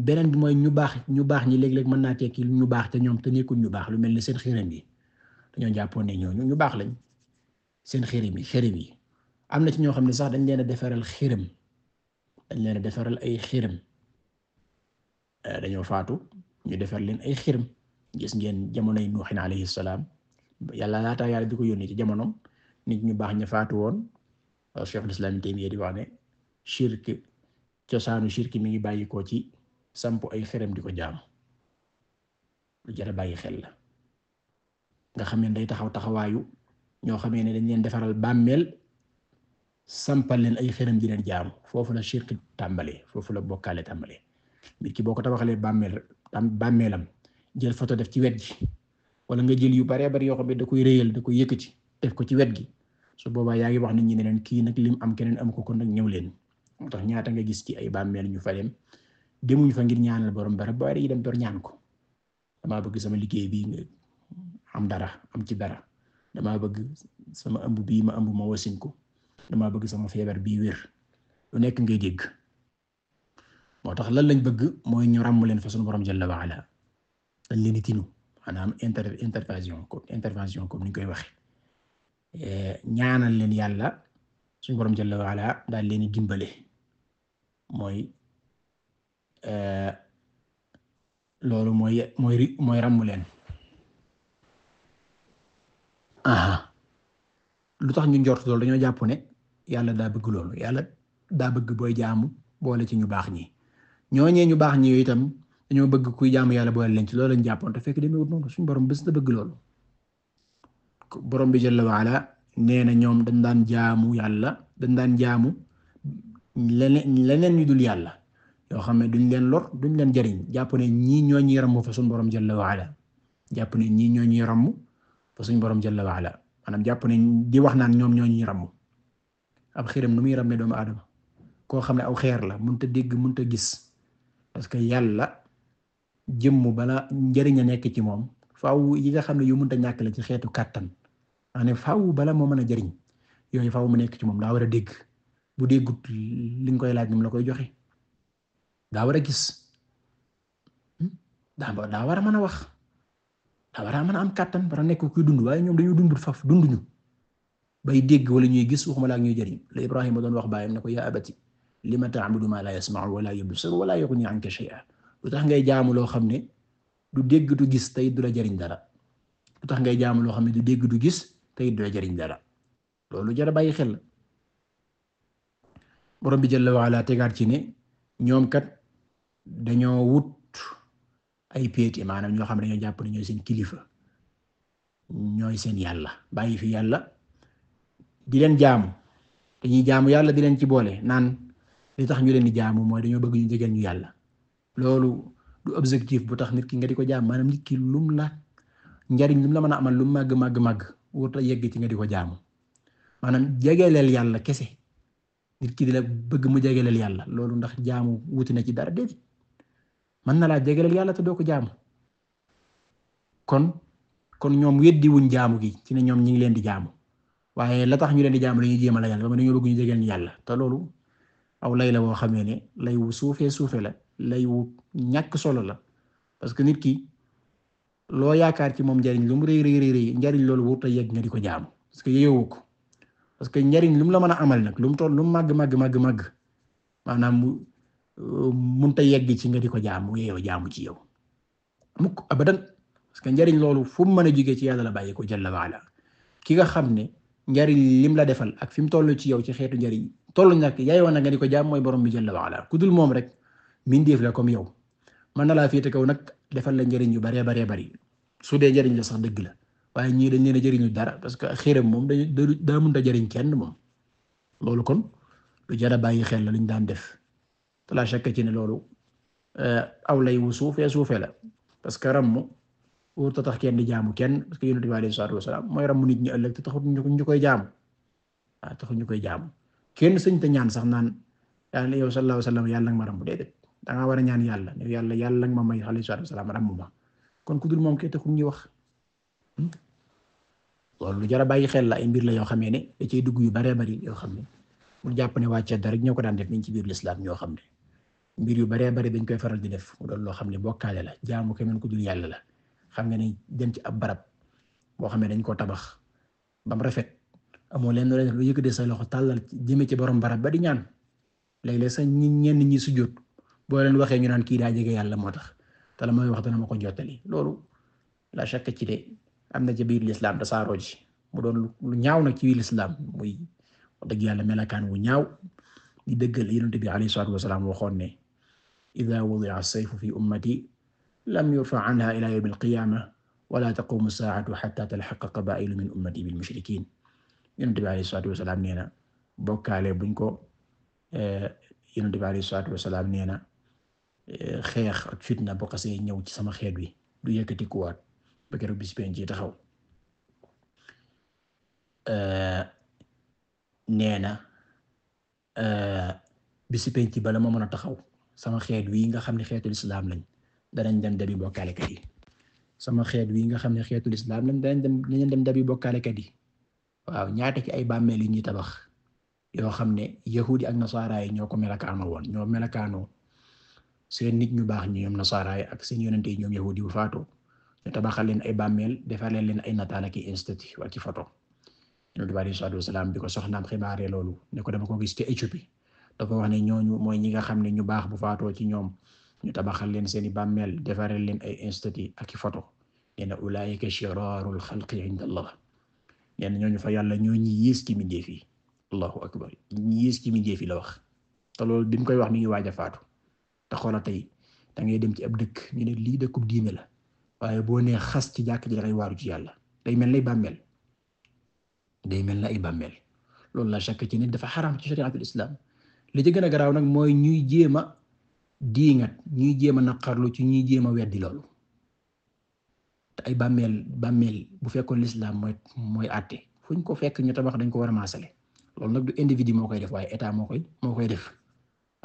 beneen bi mooy ñu baax ñu baax ñi léeg-léeg mën naa tekki ñu baax te ñoom te nekkul ñu baax lu mel ni seen xiram yi ñoo jàppoon ne ñoo ñu baax lañ seen xirim yi xirim yi am na ci ñoo xam ne sax dañ leen a defaral xirim dañ leen a defaral ay xirim eh, dañoo faatu ñu defar leen ay xirim gis ngeen jamonoy nuuxin alayhi salaam yàlla laataa yàlla di ko yónnee ci jamonoom nit ñu baax ñu faatu woon eh, Cheikhul Islam Taymiyya di wax ne shirk cosaanu shirk mi ngi bàyyi ko ci samp ay xirim di ko jaamu lu jar a bàyyi xel la. nga xam ne day taxaw taxawaayu ñoo xamee ne dañ leen defaral bàmmeel sampal leen ay xërëm di leen jaamu foofu la shirk tàmbale foofu la bokkaale tàmbale mbir ki boo ko tabaxalee bàmmeel bàmmeelam jël photo def ci wet gi wala nga jël yu baree bari yoo xam ne da koy réyal da koy def ko ci wet gi su boobaa yaa ngi wax nit ñi ne leen kii nag lim am keneen am ko kon nag ñëw leen moo tax ñaata nga gis ci ay bàmmeel ñu fa dem demuñu fa ngir ñaanal borom barab bari yi dem door ñaan ko damaa bëgg sama liggéey bi am dara am ci dara damaa bëgg sama ëmb bii ma ëmb ma wasin ko damaa bëgg sama feebar bii wér lu nekk ngay dégg moo tax lan lañ bëgg mooy ñu ràmm leen fa borom jalla wa ala dañ leen di tinu maanaam inter intervention intervention comme ni ñu koy waxe eh, ñaanal leen yàlla suñu borom jalla wa ala daal leen di dimbale mooy eh, loolu mooy mooy mooy ràmm leen. lu tax ñu njort loolu dañoo jàpp ne yàlla daa bëgg loolu yàlla daa bëgg booy jaamu boole ci ñu baax ñi ñooñee ñu baax ñi itam dañoo bëgg kuy jaamu yàlla boole leen ci loolu lañ jàppoon te fekk demewut noonu suñu borom bés bi jalla waala nee na ñoom dañ daan jaamu yàlla dañ daan jaamu leneen leneen ñu dul yàlla yoo xam ne duñ leen lor duñ leen jariñ jàpp ne ñii ñoo ñu yaram fa suñu borom jalla waala jàpp ne ñii ñoo ñu fa suñ borom jalla waala maanaam jàpp ne di wax naan ñoom ñoo ñuy ràmm ab xiram nu doomu aadama koo xam ne aw xeer la mënta dégg mënta gis parce que yàlla jëmm bala njëriñ nekk ci moom faaw yi nga xam ne yu mënta ñàkk la ci xeetu kàttan maanaam faaw bala moo mën a jariñ yooyu faaw mu nekk ci moom daa war a dégg bu déggut li nga koy laaj ni mu la koy joxe daa war a gis hmm? daa daa war a mën a wax. da war a mën a am kàttan war a nekk kuy dund waaye ñoom dañoo dundul faf dunduñu bay dégg wala ñuy gis waxuma la ak ñuy jëriñ la Ibrahima doon wax baayam ne ko yaa abati lima ta'budu ma la yasma'u wala yubsiru wala yughni anka shay'a lu tax ngay jaamu loo xam ne du dégg du gis tey du la dara lu tax ngay jaamu loo xam ne du dégg du gis tey du la dara loolu jar a bàyyi xel borom bi jalla wa ala tegaat ci ne ñoom kat dañoo wut. ay péete maanaam ñoo xam ne dañoo jàpp ne ñooy seen kilifa ñooy seen yàlla bàyyi fi yàlla di leen jaamu dañuy jaamu yàlla di leen ci boole naan li tax ñu leen di jaamu mooy dañoo bëgg ñu jegeel ñu yàlla loolu du objectif bu tax nit ki nga di ko jaam maanaam nit ki njariñ lum la mën a amal lum màgg màgg màgg wut a yegg ci nga di ko jaamu maanaam jegeeleel yàlla kese nit ki di la bëgg mu jegeeleel yàlla loolu ndax jaamu wutina ci dara déedéet. mën na laa jégaleel yàlla te doo ko jaamu kon kon ñoom weddi wuñ jaamu gi ci ne ñoom ñi ngi leen di jaamu waaye la tax ñu leen di jaamu dañuy jéem a layal ba mu dañoo bëgg ñu jégeel yàlla te loolu aw lay la woo xamee ne lay wu suufee suufe la lay wu ñàkk solo la parce que nit ki loo yaakaar ci moom njariñ lu mu rëy rëy njariñ loolu wut a yegg nga di ko jaamu parce que yeewu ko parce que njariñ lu mu la mën a amal nag lu mu toll lu mu màgg màgg màgg màgg mënta yegg ci nga di ko jaamu yeew jaamu ci yow mukk abadan parce que njariñ loolu fu mu mën a jugee ci yàlla la bàyyi ko jalla waala ki nga xam ne njariñ lim la defal ak fi mu toll ci yow ci xeetu njariñ toll nag yaayoo na nga di ko jaam borom bi jalla waala ku dul moom rek mindeef la comme yow mën na laa te kaw nag defal la njariñ yu baree baree bari su dee njariñ la sax dëgg la waaye ñii dañ leen a jariñu dara parce que xiram moom dañu daa mënta jariñ kenn moom loolu kon lu jar a bàyyi la luñ daan def te laa shakka ci ne loolu eh, aw lay wu suufee suufee la parce que ramm wóor ta tax kenn di jaamu kenn parce que yonent bi alayhi salaatu wasalaam mooy ramm nit ñi ëllëg te taxut ñu koy jaamu waaw ah, ñu koy jaamu kenn sëñ te ñaan sax naan yàlla yow sallallahu alayhi wasallam yàlla nga ma ramm de da nga war a ñaan yàlla yàlla yàlla nga ma may alayhi salaatu wasalaam ramm ma kon ku dul moom kay taxut ñu wax hmm? loolu lu jar a bàyyi xel la ay mbir la yoo xamee ne da cay dugg yu baree bari yoo xam ne mu jàpp ne wàcce dara rek ñoo ko daan def niñ ci biir lislaam ñoo xam ne mbir yu baree bari dañ koy faral di def mu doon loo xam ne bokkaale la jaamu keneen ko dul yàlla la xam nga ni dem ci ab barab boo xam ne dañ koo tabax bam rafet amoo leen loo lu yëkkatee sa loxo tàllal jëme ci borom barab ba ñaan léeg-léeg sa ñi ñenn ñi sujjóot boo leen waxee ñu naan kii daa yàlla moo tax te la mooy wax dana ma ko jottali loolu la chaque ci de am na ci biir lislaam da saaroo ji mu doon ñaaw na ci biir lislaam muy wax dëgg yàlla melakaan wu ñaaw di dëggal yonent bi alayhi salaatu wasalaam waxoon ne ida wudi'a sayfu fi ummati lam yurfa anha ila yawm al-qiyamah wala taqumu saa'atu hatta talhaqa qaba'ilu min ummati bil mushrikin Yonent bi alayhi salaatu wa salaam nee na bokkaale buñ ko Yonent bi alayhi salaatu wa salaam nee na xeex ak fitna bu xasee ñëw ci sama xeet wi du yëkkati kuwaat ba keroog bis penc yi taxaw nee na bis penc bala ma mën a taxaw. sama xeet wii nga xam ne xeetu lislaam lañ danañ dem dabi bokkaalekat yi sama xeet wii nga xam ne xeetu lislaam lañ danañ dem danañ dem dabi bokkaalekat yi waaw ñaata ci ay bàmmeel yu ñuy tabax yoo xam ne yahudi ak nasaara yi ñoo ko melakaanoo woon ñoo melakaanoo seen nit ñu baax ñi ñoom nasaara yi ak seen yonente yi ñoom yahudi bu faatoo ñu tabaxal leen ay bàmmeel defalee leen leen ay nataal ak i institut ak i photo Yonent bi sallallahu alayhi wasallam ko soxnaam xibaaree loolu ne ko dama ko gis ci Éthiopie dafa wax ne ñooñu mooy ñi nga xam ne ñu baax bu faatoo ci ñoom ñu tabaxal leen seeni bàmmeel defaree leen ay institut ak i photo nee na ulaayika shiraarul xalqi inda allah fa yàlla ñoo ñi yées ci mindeef yi allahu akbar ñi ci mindeef yi la wax te loolu bi koy wax mi ngi waaj a faatu te xoola tey da ngay dem ci ab dëkk ñu ne lii dëkkub diime la waaye boo nee xas ci jàkk ji dangay waaru ci yàlla day mel na ay bàmmeel day mel na ay bàmmeel loolu la shakk ci ne dafa xaraam ci shari'atul islam li ci gën a garaaw nag mooy ñuy jéem a diingat ñuy jéem a naqarlu ci ñuy jéem a weddi loolu te ay bàmmeel bàmmeel bu fekkoon lislaam mooy mooy àtte fuñ ko fekk ñu tabax dañ ko war a maasale loolu nag du individu moo koy def waaye état moo koy moo koy def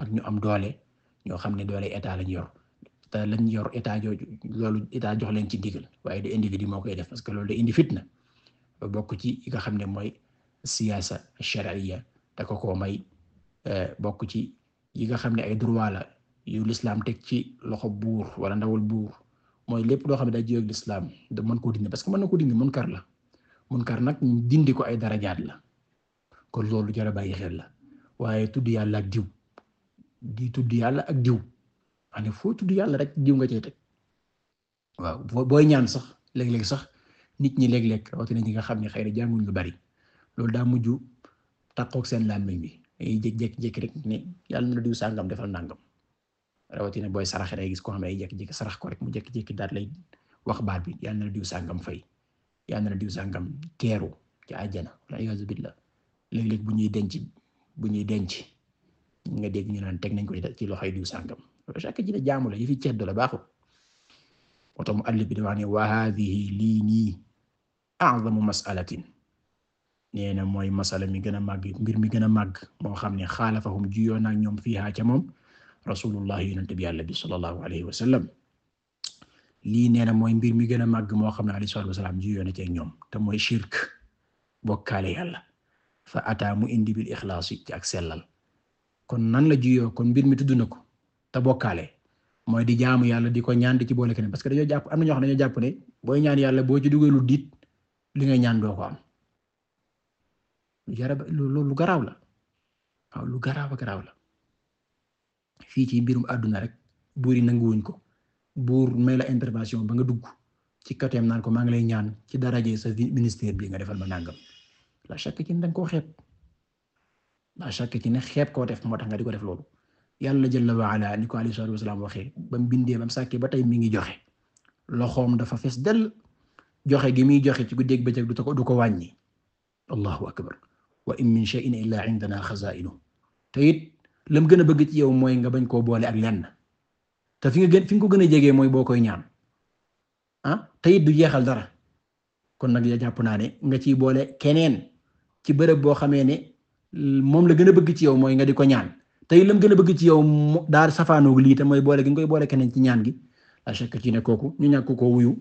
ak ñu am doole ñoo xam ne doole état lañ yor te lañ yor état jooju loolu état jox lañ ci digal waaye du individu moo koy def parce que loolu day indi fitna bokk ci yi nga xam ne mooy siyaasa shariya te ko koo may Eh, bokk ci yi nga xam ne ay droit la yu lislaam teg ci loxo buur wala ndawal buur mooy lépp loo xam ne daa jiyoog l'islam da mën koo dindi parce que mën na koo dindi munkar la munkar nag dindi ko ay darajaat la kon loolu jar a bàyyi xel la waaye tudd yàlla ak diw di tudd yàlla ak diw ane foo tudd yàlla rek diw nga cey teg waaw booy ñaan sax léeg-léeg sax nit ñi lekk léeg rawatina ñi nga xam ne xëy na jànguñ lu bari loolu daa mujj tàqoog seen làmmiñ bi ay jékki-jékki rek ne yàlla na diw sàngam defal nangam rawatina booy sarax day gis koo xam ne ay jékki-jékki ko rek mu jékki-jékki daal lay wax baat bi yàlla na diw sàngam fay yàlla na diw sàngam keeru ci àjjana wala iyaazu billah léeg-léeg bu ñuy denc bu ñuy denc nga dégg ñu naan teg nañ ko ci loxoy diw sàngam loolu chaque ji la jaamu la yëfi ceddo la baaxul oto mu àll bi di wax ne wa hadhihi lii nii a'zamu mas'alatin nee na mooy masala mi gën a màgg mbir mi gën a màgg moo xam ne xaalafahum jiyoon ak ñoom fiihaa ca moom rasulullah yonente bi yàlla bi sallallahu alayhi wa sallam lii nee na mooy mbir mi gën a màgg moo xam ne alayhi salaatu wasalaam jiyoon ci ak ñoom te mooy shirk bokkaale yàlla fa ataa mu indi bil ixlaas ci ak sellal kon nan la jiyoo kon mbir mi tudd na ko te bokkaale mooy di jaamu yàlla di ko ñaan di ci boole keneen parce que dañoo jàpp am na ñoo xam ne dañoo jàpp ne boo ñaan yàlla boo ci dugalul diit li nga ñaan doo lu jar garaaw la waaw lu garaaw a garaaw la fii ci mbirum àdduna rek buur yi nanguwuñ ko buur may la intervention ba nga dugg ci kateem naan ko maa ngi lay ñaan ci dara daraje sa ministère bi nga defal ma nangam la chaque ci ne danga koo ne xeeb def moo tax nga di ko def loolu yàlla jalla wa ala ni ko alayhi salaatu wasalaam waxee ba mu bindee ba mu sàkkee ba tey mi ngi joxe loxoom dafa fees dell joxe gi muy joxe ci guddeeg bëccëg du ko du ko wàññi allahu akbar wa in min shay'in illa indana xazainu te it lam gën a bëgg ci yow mooy nga bañ koo boole ak lenn te fi nga gën fi nga ko gën a jegee mooy boo koy ñaan ah te du jeexal dara kon nag ya jàpp naa ne nga ciy boole keneen ci bërëb boo xamee ne moom la gën a bëgg ci yow mooy nga di ko ñaan te lam gën a bëgg ci yow daar safaanoog lii te mooy boole gi nga koy boole keneen ci ñaan gi la chèque ci ne kooku ñu ñàkk koo wuyu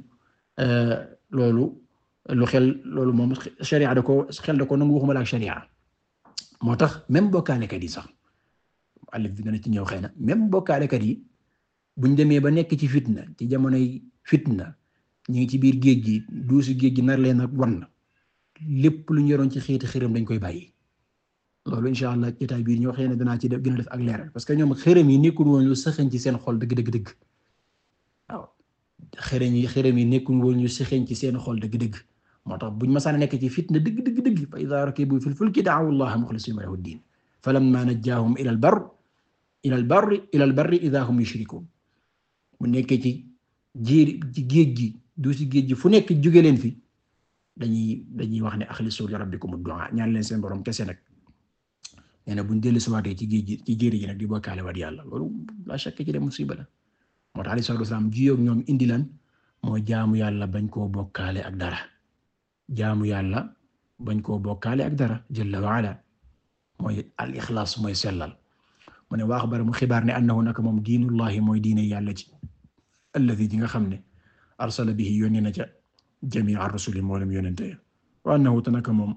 eh, loolu lu xel loolu moom sharia da ko xel da ko nangu waxuma la ak sharia moo tax même bokkaalekat yi sax àll bi dana ci ñëw xëy na même bokkaalekat yi buñ demee ba nekk ci fitna ci jamonoy fitna ñu ngi ci biir géej gi duusi géej gi nar leen ak wan lépp lu ñu yoroon ci xeeti xërëm dañ koy bàyyi. loolu incha allah jotaay biir ñoo xëy na danaa ci def gën a def ak leeral parce que ñoom xërëm yi nekkul woon lu sëxañ ci seen xol dëgg dëgg dëgg waaw xërëm yi xërëm yi nekkul woon lu sëxañ ci seen xol dëgg dëgg. moo tax buñ masaan nekkee ci fitna dëgg dëgg dëgg fa idaa rakibu fil fulki da'awu llaha muxlisiina lahu diin falammaa najjaahum ila barri ila barri ilal barri idaa hum yushrikuun mu nekkee ci jéeri ji géej gi du si géej gi fu nekk jóge leen fi dañuy dañuy wax ne axlisu li rabbikum du'aa ñaan leen seen borom kese nag nee na buñ dellu si waatee ci géej ci jéeri ji nag di bokkaale waat yàlla loolu laa ci de musiba la moo tax alayhi salaatu wa salaam jiyoog indi lan moo jaamu yàlla bañ koo bokkaale ak dara. jaamu yàlla bañ koo bokkaale ak dara jalla wa ala mooy al ixlaas mooy sellal mu ne waax bara mu xibaar ne annahu naka moom diinullahi mooy diine yàlla ci alladi ji nga xam ne arsala bihi yónni na ca jamia rusuli mboolem yonente ya wa annahu te naka moom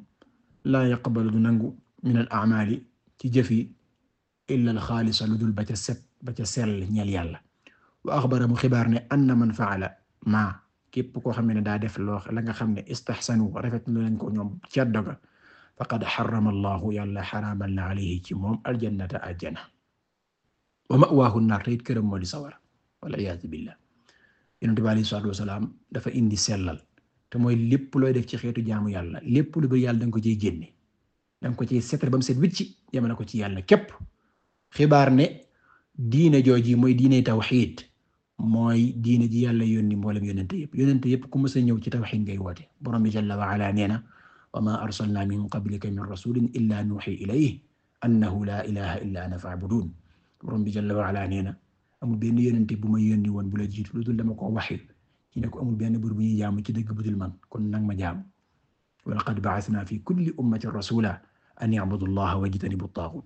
laa yaqbalu du nangu min al amali ci jëf yi illa al xaalisa lu dul ba ca set ba ca sell ñeel yàlla wa axbara mu xibaar ne anna man faala maa képp koo xam ne daa def loo la nga xam ne istahsanu rafetlu nañ ko ñoom cadda ga faqad xarama allahu yàlla xaraamal na alayhi ci moom aljannata ajjana wa mawaahu naar teit këram moo di sawar wal iyaazu billah yonent dafa indi sellal te mooy lépp looy def ci xeetu jaamu yàlla lépp lu yàlla danga ko ciy génne danga ko ciy setal ba mu set wicc yemale ko ci yàlla képp xibaar ne diine jooji mooy diine tawxiid mooy diine ji yàlla yónni mboolem yonente yëpp yonente yëpp ku mës a ñëw ci tawxiid ngay woote borom bi jalla wa ala nee na wa ma arsalna min qablika min rasulin illa nuuxi ilayhi annahu la ilaha illa ana fa'budun borom bi jalla wa ala nee na amul benn yonente bu ma yónni woon bu la jiitu lu dul dama ko waxi ci ne ko amul benn buur bu ñuy jaamu ci dëgg bu dul man kon nag ma jaam wa laqad ba'athna fi kulli ummatin rasula an ya'budu allaha wajtanibu at-taghut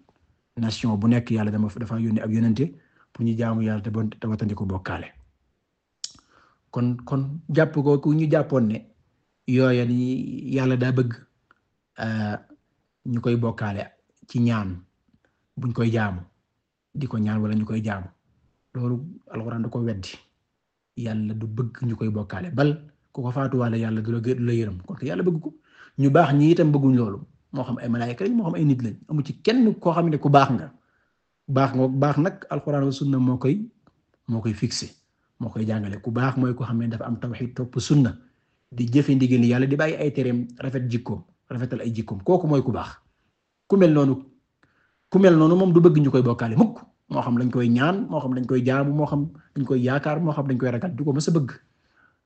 nation bu nekk yàlla dama dafa yónni ab yonente pour ñu jaamu yàlla te bon te watandiku bokkaale kon jàpp ko ku ñu jàppoon ne yooya ni yàlla daa bëgg euh, ñu koy bokkaale ci ñaan buñ koy jaamu di ko ñaan wala ñu koy jaamu loolu alxuraan da ko weddi yàlla du bëgg ñu koy bokkaale bal ku ko faatuwaale yàlla du la du la yërëm kon yàlla bëgg ko ñu baax ñi itam bëgguñ loolu moo xam ay malaayika lañ moo xam ay nit lañ amu ci kenn koo xam ne ku baax nga baax nga baax nag alxuraan wa sunna moo koy moo koy fixé moo koy jàngale ku baax mooy ko xam ne dafa am tawxiid topp sunna di jëfe ndigal yàlla di bàyyi ay tereem rafet jikkoom rafetal ay jikkoom kooku mooy ku baax ku mel noonu ku mel noonu moom du bëgg ñu koy bokkaale mukk moo xam dañ koy ñaan moo xam dañ koy jaamu moo xam dañ koy yaakaar moo xam dañ koy ragal du ko mës a bëgg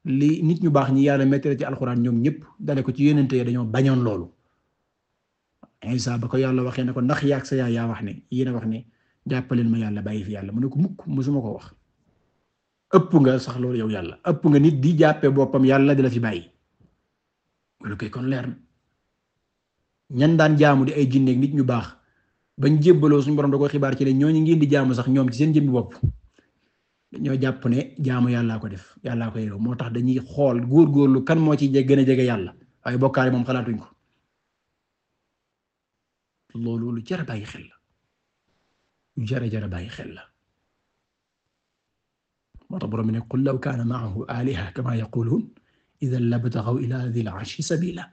li nit ñu baax ñi yàlla mettre ci alxuraan ñoom ñëpp dale ko ci yonente yi dañoo bañoon loolu Isa ko yàlla waxee ne ko ndax yaak sa yaa wax ne yéen a wax ne jàppaleen ma yàlla bàyyi fi yàlla mu ne ko mukk mosuma ko wax ëpp nga sax loolu yow yàlla ëpp nga nit di jàppee boppam yàlla di la fi bàyyi loolu koy kon leer na ñan daan jaamu di ay jinneeg nit ñu baax bañ jébbaloo suñ borom da ko xibaar ci ñoo ñooñu ngeen di jaamu sax ñoom ci seen jëmmi bopp dañoo jàpp ne jaamu yàllaa ko def yàllaa ko yow moo tax dañuy xool góorgóorlu kan moo ci gën a jege yàlla waaye bokkaale moom xalaatuñ ko loolu lu yu jara jara bàyyi xel la moo tax borom bi ne qul law kaana maahu aliha kama yaquluun idan labtaxaw ila dil arshi sabila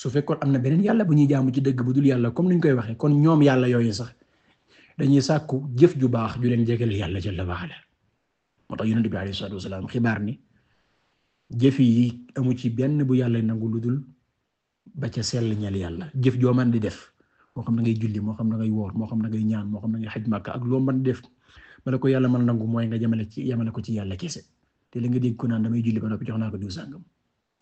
su fekkoon am na beneen yàlla bu ñuy jaamu ci dëgg bu dul yàlla comme niñ koy waxe kon ñoom yàlla yooyu sax dañuy sàkku jëf ju baax ju leen jegal yàlla jalla wa ala moo tax yonent bi alayhi salaatu wasalaam xibaar ni jëf yi amu ci benn bu yàlla nangu lu dul ba ca sell ñel yàlla joo man di def moo xam da ngay julli moo xam na ngay woor moo xam da ngay ñaan moo xam da ngay xaj màkk ak loo mën def ba ko yàlla mën nangu mooy nga jamale ko ci yàlla kese te li nga dégg ko naan damay julli jox naa ko diw sàngam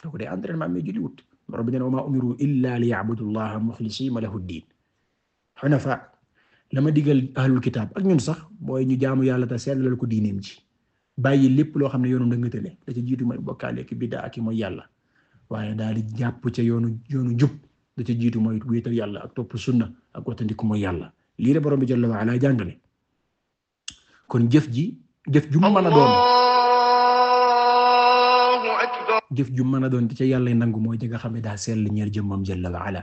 donc day wut borom bi nee na wa maa umiru illa li ya'budullaha mukhlisina lahu diin xunafa la ma digal ahlul kitaab ak ñun sax mooy ñu jaamu yàlla te seetlal ko diineem ba yi lépp loo xam ne yoonu da nga tële da ca jiitu mooy bokkaale ak biddaa ak mooy yàlla waaye daal di jàpp ca yoonu yoonu jub da ca jiitu mooy wéetal yàlla ak topp sunna ak wattandiku mooy yàlla lii de borom bi kon jëf ji jëf ju mën a doon jëf ju mën a doon di ca yàlla mooy di nga xam ne daa sell ñeel jëmmam jalla wa ala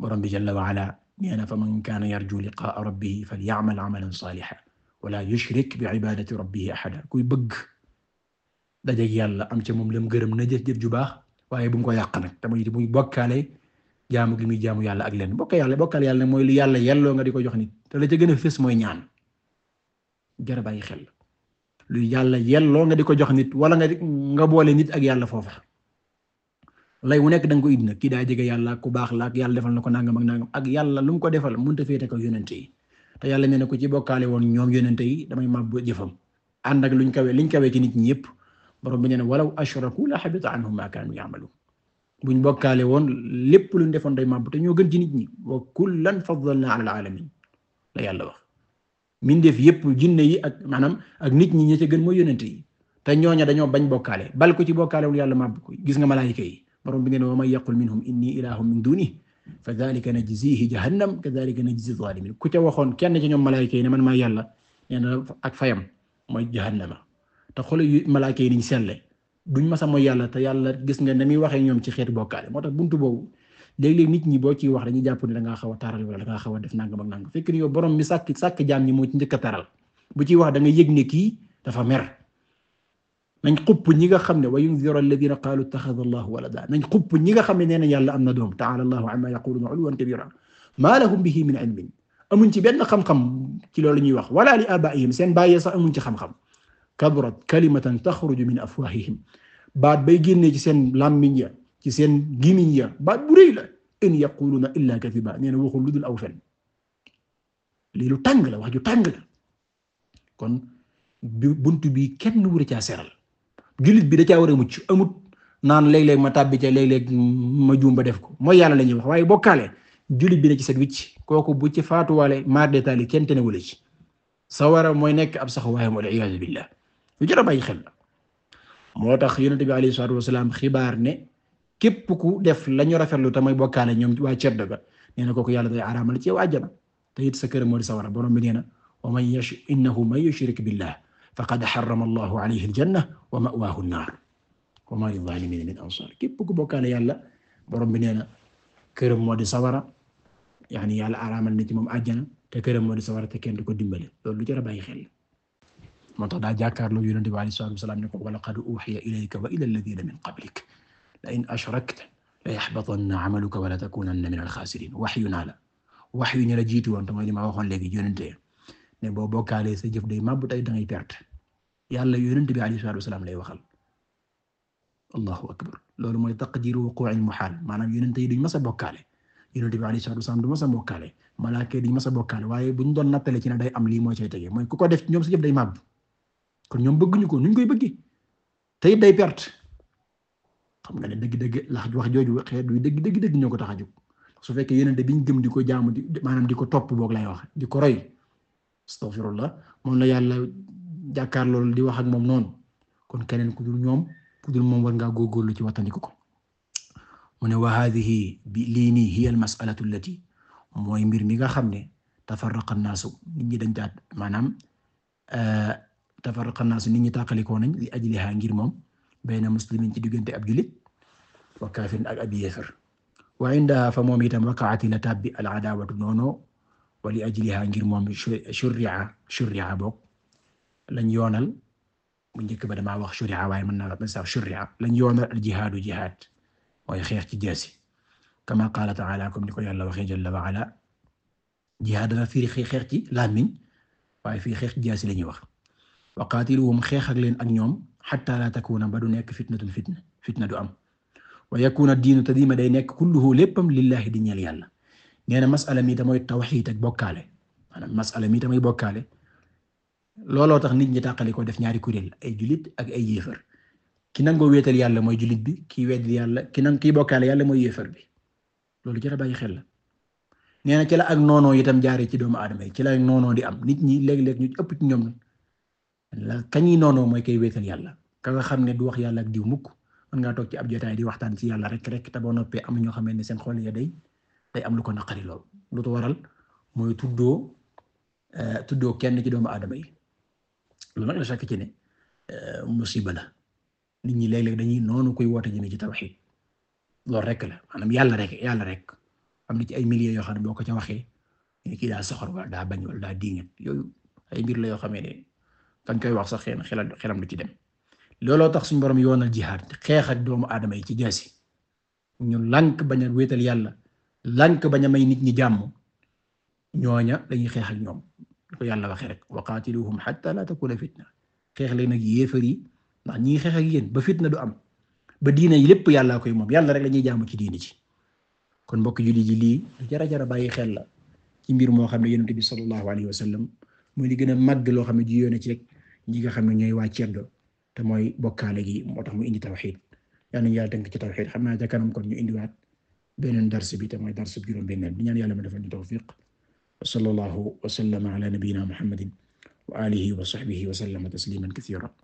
borom bi na fa man kaana yarju liqaa rabbihi falya'mal 'amalan saalihan wa laa yushrik bi'ibadati rabbihi ahadan kuy bëgg baax waaye bu mu ko yàq nag te muy muy bokkaale jaamu ki muy jaamu yàlla ak leen bokka yàlla bokkaale yàlla mooy lu yàlla yelloo nga di ko jox nit te la ca gën a fës mooy ñaan jar a bàyyi xel lu yàlla nga di ko jox nit wala nga nga boole nit ak yàlla foofa lay wu nekk da nga ko indi nag kii daa jege yàlla ku baax la yàlla defal na ko nangam ak nangam ak yàlla lu mu ko defal mun a féete ko yonente yi te yàlla nee na ko ci bokkaale woon ñoom yonente yi damay boo jëfam ànd ak luñ kawe liñ kawe ci nit ñi yëpp borom bi nee na walaw ashraku la habita anhum ma kaanu ya'malun buñ bokkaale woon lépp luñ defoon day màbb ta ñoo gën ci nit ñi wa kullan faddalna ala alamin la yàlla wax min def yëpp jinne yi ak maanaam ak nit ñi ñi ca gën mooy yonent yi te ñooña dañoo bañ bokkaale bal ko ci bokkaalewul yàlla màbb ko gis nga malaayika yi borom bi nee na wa man yaqul minhum inni ilahun min dunihi fa dalika najzihi jahannam kadalika najzi zalimin ku ca waxoon kenn ci ñoom malaayika yi ne man maa yàlla nee ak fayam mooy jahannama te xol yu malaaka yi niñ selle duñ masa mooy yàlla te yàlla gis nga ne muy waxee ñoom ci xeetu bokkaale moo tax buntu boobu léeg-léeg nit ñi boo ciy wax dañuy jàpp ne da ngaa xaw a taral wala da ngaa xaw a def nangam ak nangam fekk ni yow borom mi sàkk sàkk jaam ñi moo ci njëkk taral bu ciy wax da nga yëg ne kii dafa mer nañ xupp ñi nga xam ne wa yunzira alladina qaalu ittaxada allahu walada nañ xupp ñi nga xam ne nee na yàlla am na doom taala allahu amma yaquluna ulwan kabira maa lahum bihi min ilmin amuñ ci benn xam-xam ci loolu ñuy wax wala li abaihim seen bàyyee sax amuñ ci xam-xam kaburat kalimatan taxruju min afwahihim baat bay génnee ci seen làmmiñ ya ci seen gimiñ ya baat bu rëy la in yaquluna illa kadiba nee na lu dul aw fen lii lu tàng la wax ju tàng kon buntu bi kenn wura caa seral jullit bi da caa war a mucc amut naan léeg-léeg ma tàbbi ca léeg ma jumba def ko mooy yàlla la ñuy wax waaye bokkaale jullit bi ne ci set wicc kooku bu ci faatuwaale maar detaali kenn te ne wala ci sawara mooy nekk ab saxuwaayam wal iyaadu billah lu jar a bàyyi xel la moo tax yonent bi alayhi salaatu wasalaam xibaar ne képp ku def la ñu rafetlu te mooy bokkaale ñoom waa ceddo ga nee na kooku yàlla day araamal ci yow àjjana te it sa kër moo di sawara borom bi nee na wa man yash innahu man yushrik billah faqad harrama allahu alayhi aljanna wa ma'waahu an-naar wa ma lizaalimiina min ansaar képp ku bokkaale yàlla borom bi nee na këram moo di sawara yaani yàlla araamal na ci moom àjjana te këram moo di sawara te kenn du ko dimbale loolu lu jar a bàyyi xel moo tax daa jàkkaarloo yonent bi alayhi salaatu wa salaam ne ko wa laqad uuhiya ilayka wa ila alladhina min qablik la in ashrakta la yahbatanna amaluka wa la takunanna min al-khasirin waxyu naa la waxyu ñu la jiitu woon te mooy li ma waxoon léegi yonent ne boo bokkaalee sa jëf day mabbu tey da ngay perte yàlla yonent bi alayhi salaatu wa salaam lay waxal allahu akbar loolu mooy taqdiru wuqu'il muhaal maanaam yonent yi duñ mas a bokkaale yonent bi alayhi salaatu wa salaam du mas a bokkaale malaaka yi duñ mas a bokkaale waaye buñ doon nattale ci ne day am lii mooy cay tege mooy ku ko def ñoom sa jëf day mabbu kon ñoom bëgguñu ko nuñ koy bëggi te it day perte xam nga ne dëgg-dëgg lax wax jooju xeet wi dëgg dëgg dëgg ñoo ko tax a jóg su fekkee yonente biñ gëm di ko jaamu di maanaam di ko topp boog lay wax di ko roy astaghfirullah moom la yàlla jàkkaar loolu di wax ak moom noonu kon keneen ku ñoom ku dul moom war ngaa góorgóorlu ci wattandiku ko mu ne wa bi lii nii hiya al masalatu allati mooy mbir mi nga xam ne tafarraqa annaasu nit ñi dañ caat maanaam eh, tafarraqa naasu nit ñi tàqalikoo nañ li ajliha ngir moom bayna muslimin ci diggante ab julit wa kaafirin ak ab yéefar wa indaha fa moom itam waqaati la tabbi al adaawatu noonu wa li ajliha ngir moom shurri'a shurri'a boog lañ yoonal bu njëkk ba damaa wax shurri'a waaye mën naa wax sax shurri'a lañ yoonal al jihaadu jihaad mooy xeex ci jaasi kama qaala ta'ala comme ni ko yàlla waxee jalla wa ala jihaad dafa firi xeex ci làmmiñ waaye fii xeex ci jaasi la ñuy wax. wa qaatiluhum xeex leen ak ñoom xatta la takuna ba du nekk fitnatun fitna fitna du am wa yakuna diinu te diima day nekk kulluhu léppam lillahi di ñeel yàlla nee na masala mi tamooy tawxiid ak bokkaale maanaam masala mi tamooy bokkaale looloo tax nit ñi tàqali ko def ñaari kuréel ay jullit ak ay yéefar ki nangoo wéetal yàlla mooy julit bi ki weddi yàlla ki nang kiy bokkaale yàlla mooy yéefar bi loolu jar a bàyyi xel la nee na ci la ak noonoo itam jaaree ci doomu aadama yi ci la noonoo di am nit ñi léeg-léeg ñu ëpp ci ñoom la yi noonoo mooy kay wéetal yàlla ka nga xam ne du wax yàlla ak diw mukk mën ngaa toog ci ab jotaay di waxtaan ci yàlla rek rek te boo noppee am ñoo xamee ne seen xol ya day day am lu ko naqari lool lu ko waral mooy tuddoo eh, tuddoo kenn ci doomu aadama yi loolu nag la chaque ci ne eh, musiba la nit ñi léeg-léeg dañuy noonu koy woote jëme ci tawhid loolu rek la maanaam yàlla rek yàlla rek am na ci ay milliers yoo xam ne boo ko ca waxee kii daa soxor wala daa bañ wala daa diingat yooyu ay mbir la yoo xamee ne kañ koy wax sax xëy na xelam xelam du ci dem looloo tax suñ borom yoonal jihaad xeex ak doomu aadama yi ci jaasi ñu lànk bañ a wéetal yàlla lank bañ may nit ñi jàmm ñooña dañuy xeex ak ñoom yàlla waxee rek wa qaatiluhum hatta la takuna fitna xeex leen ak yéefar yi ndax ñi ak yéen ba fitna du am ba diine yi lépp yàllaa koy moom yàlla rek la ñuy jaamu ci diine ci kon mbokk julli ji lii lu jara jara bàyyi xel la ci mbir moo xam ne yonent bi sallallahu alayhi wa sallam mooy li gën a màgg loo xam ne ji yoone ci rek ñi nga xam ne ñooy waa ceddo te mooy bokkaale moo tax mu indi tawxiid yal nañu yàlla tënk ci tawxiid xam naa ca kanam kon ñu indiwaat beneen dars bi te mooy dars bi juróom-benneel bi ñaan yàlla ma defal ñu tawfiq wa sallallahu wa sallama ala nabiyyina wa alihi wa sahbihi wa sallama tasliman kathira